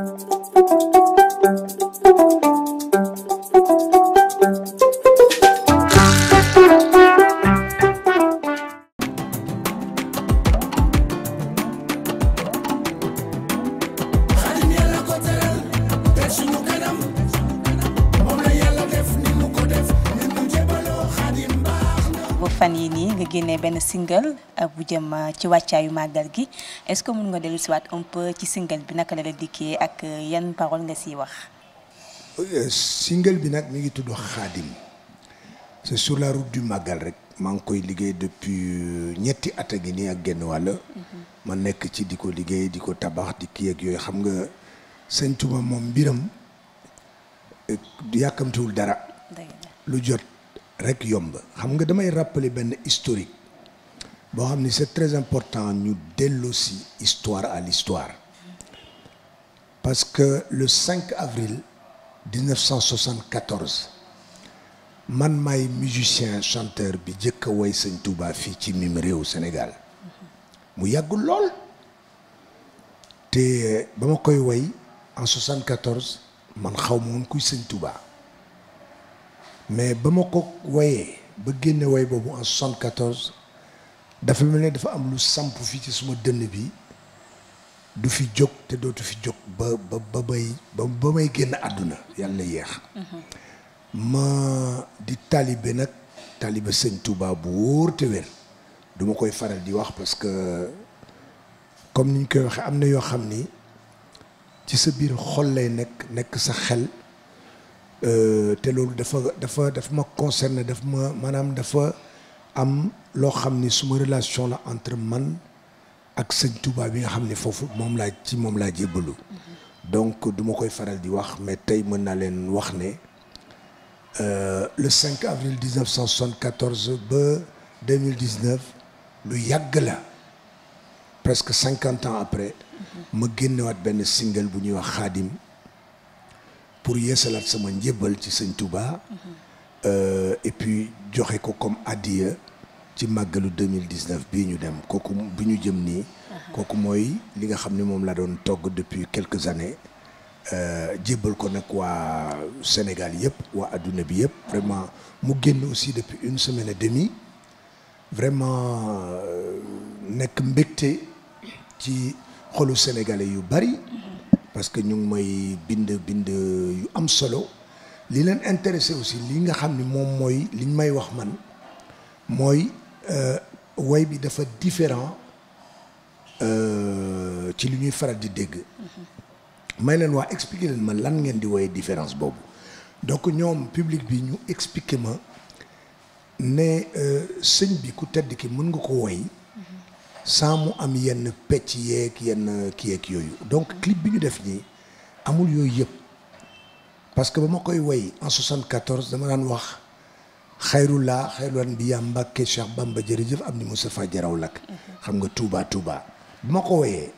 Thank you. nga génnee benn single euh, bu jëm euh, ci wàccaayu màggal gi est-ce que mun nga dellu si waat un peu ci single bi naka la la dikkee ak euh, yan parole nga siy wax. single bi nag mi ngi tudd Xaadim c'est sur la route du màggal rek maa ngi koy liggéey depuis ñetti at a nii ak genn wàll. Mm-hmm. ma nekk ci di ko liggéey di ko tabax di kii ak yooyu xam nga sëñ Tuba moom mbiram yàkkamtiwul dara. lu jot. rek yomb xam nga damay rappeler benn historique boo xam ni c'est très important ñu dellu si histoire à l'histoire parce que le 5 avril 1974 man may musicien chanteur bi jëkk a woy Sëñ Touba fii ci mim réew Sénégal mu yàggul lool te ba ma koy woy en 74 man xaw ma woon kuy Sëñ Touba. mais ba ma ko woyee ba génne woy boobu en 74 dafa mel ne dafa am lu samp fii ci suma dënn bi du fi jóg te dootu fi jóg ba ba ba may génn àdduna yàlla na ma di taalibe nag taalibe sëñ Touba bu wóor te wér du koy faral di wax parce que comme niñ koy waxee am na yoo xam ni ci sa biir xol lay nekk nekk sa xel Euh, te loolu dafa dafa dafa ma concerné dafa ma maanaam dafa am loo xam ni suma relation la entre man ak sëñ Touba bi nga xam ne foofu moom laa ci moom laa jébbalu mhm. donc duma koy faral di wax mais tey mën naa leen wax ne euh, le 5 avril 1974 ba 2019 lu yàgg la presque cinquante ans après mhm. ma génnewaat benn single bu ñuy wax xaadim pour yeesalaat sama njébbal ci sëñ Touba. Euh, et puis joxe ko comme addiya ci màggalu 2019 bii ñu dem kooku bu ñu jëm nii. kooku mooy li nga xam ne moom laa doon togg depuis quelques années. Euh, jébbal ko nag waa Sénégal yëpp waa adduna bi yëpp vraiment mu génn aussi depuis une semaine et demie vraiment euh, nekk mbégte ci xolu sénégalais yu bari. parce que ñu ngi may bind bind yu am solo li leen intéressé aussi li nga xam ni moom mooy liñ may wax man mooy euh, woy bi dafa différent euh, ci li ñuy faral di dégg mm-hmm. may leen waa expliquer leen ma lan ngeen di woye différence boobu donc ñoom public bi ñu expliquer ma ne euh, sëñ bi ku tedd ki mën nga ko woy sans mu am yenn pecc yeek yenn kii yeeg yooyu donc clip bi ñu def nii amul yooyu yëpp parce que ba ma koy woy en 74 dama daan wax xayrulaa xayrulaan bi yaa Mbàkke Cheikh Bamba jërëjëf am ni Moustapha jaraw lakk xam nga Touba Touba ba ma ko woyee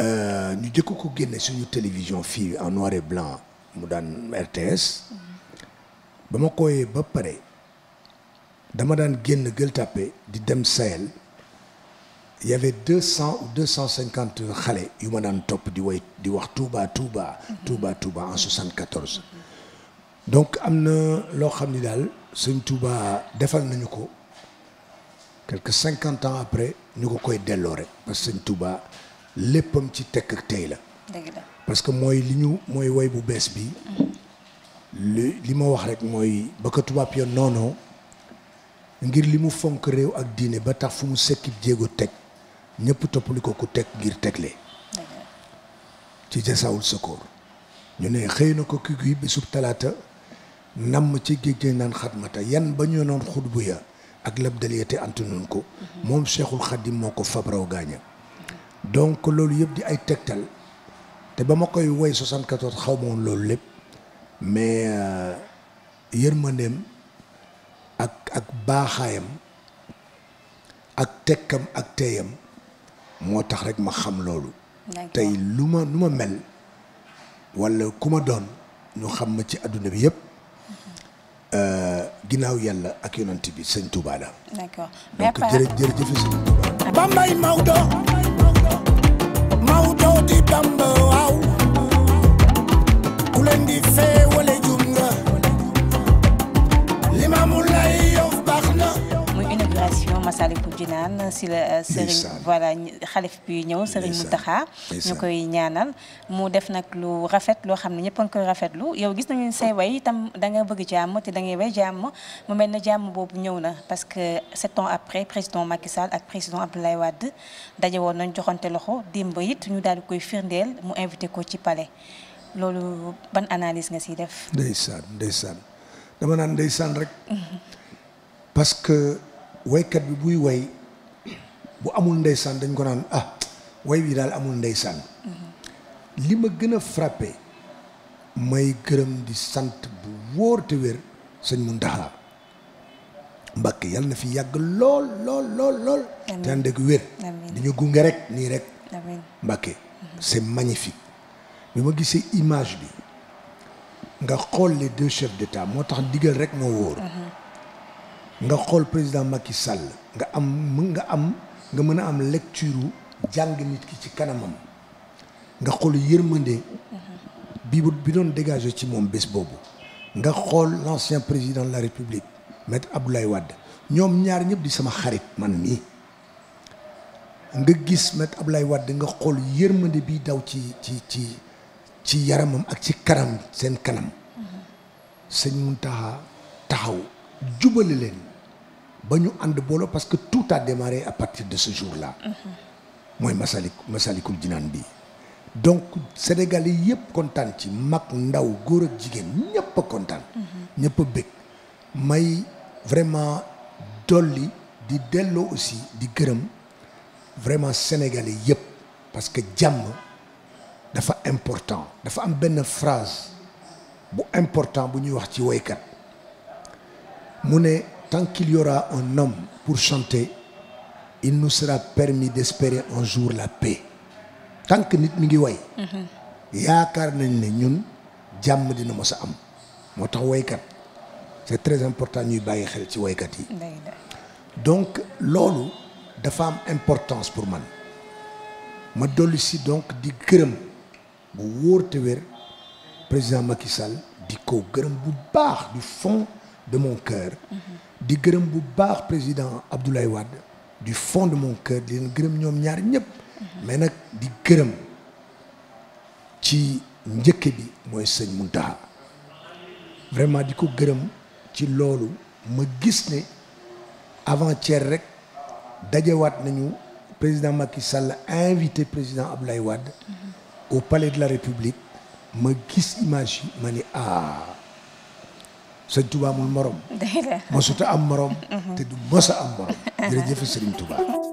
euh, ñu jëkk ko génne suñu télévision fii en noir et blanc mu daan RTS ba ma ko woyee ba pare dama daan génn Gueule Tapée di dem Sahel il y cent ou deux cent cinquante xale yu ma daan topp di way di wax Touba Touba. Touba Touba en soixante donc am na loo xam ni daal suñ Touba defal nañu ko quelque cinquante ans après ñu ko koy delloo rek parce que sëñ Touba léppam ci tekk ak tey la. parce que mooy li ñu mooy woy bu bees bi. li li ma wax rek mooy ba ko tubaab yoon noonoo ngir li mu fonk réew ak diine ba tax fu mu sëkkib jéego teg. ñépp toppali ko ku teg ngir tegle ci jasawul sëkoor ñu ne xëy na ko kii gi bisub talaata namm ci géej naan xatmata yan ba ñu noon xutbu ya ak labdaliya te antu ko moom Cheikhul Khadim moo ko fabraw gaaña donc loolu yëpp di ay tegtal te ba ma koy woy 74 xaw ma loolu lépp mais euh, yërmandeem ak ak baaxaayam ak tekkam ak teeyam moo tax rek ma xam loolu tey lu ma lu ma mel walla ku ma doon ñu xam ma ci àdduna bi yëpp mm-hmm. euh, ginnaaw yàlla ak yonent bi sëñ Touba la d'accord donc jërë jërëjëf di Bamba Jinaan si la eh, sëriñ voilà xalif bi ñëw sëriñ Mountakha ñu koy ñaanal mu def nag lu rafet loo xam ne ñëpp a ngi koy rafetlu yow gis nañu say way itam da nga bëgg jàmm te da ngay way jàmm mu mel na jàmm boobu ñëw na parce que sept ans après président Macky Sall ak président Abdoulaye Wade daje woon nañ joxante loxo démb it ñu daal di koy firndeel mu invité ko ci pale loolu ban analyse nga siy def ndeysaan ndeysaan dama naan ndeysaan rek waykat bi buy way bu amul ndeysaan dañ ko naan ah way bi daal amul ndeysaan li ma gën a frappé may gërëm di sant bu wóor te wér sëñ Muntaxa Mbàkke yàlla na fi yàgg lool lool lool te ànd ak wér di ñu gunge rek nii rek Mbàkke mhm. c'est magnifique bi ma gisee image bi nga xool les deux chefs d'état moo tax digal rek moo wóor mhm. nga xool président Macky Sall nga am nga am nga mën a am lecture jàng nit ki ci kanamam nga xool yërmande bi bi doon dégagé ci moom bés boobu nga xool l'ancien président de la République maître Abdoulaye Wade ñoom ñaar ñëpp di sama xarit man mii nga gis maître Abdoulaye Wade nga xool yërmande bi daw ci ci ci ci yaramam ak ci kanam seen kanam sëñ Mountakha taxaw jubale leen ba ñu ànd booloo parce que tout a démarré à partir de ce jour-là mooy masalik masalikul jinaan bi donc sénégalais yëpp kontaan ci mag ndaw góor ak jigéen ñëpp a kontaan ñëpp a bëgg may vraiment dolli di delloo aussi di gërëm vraiment sénégalais yëpp parce que jàmm dafa important dafa am benn phrase bu important bu ñuy wax ci woykat mu ne tant qu'il y un homme pour chanter il nous sera permis d'espérer un jour la paix tant nit mi ngi way yaakaar nañ ne ñun jàmm dina mos a am moo tax woykat c'est très important ñuy bàyyi xel ci woykat yi donc loolu dafa am importance pour man ma dolli si donc di gërëm bu wóor te président Macky di ko gërëm bu baax du fond de mon cœur di gërëm bu baax président Abdoulaye Wade di fond de mon di leen gërëm ñoom ñaar ñëpp mais nag di gërëm ci njëkk bi mooy sëñ Muntaxa vraiment di ko gërëm ci loolu ma gis ni avant-hier rek dajewaat nañu président Macky Sall invité président Abdoulaye Wade au palais de la République ma gis image ma ni ah sëñ Touba amul morom. mosut a am morom. Mm-hmm. te du mos a am morom. jërëjëf Serigne Touba.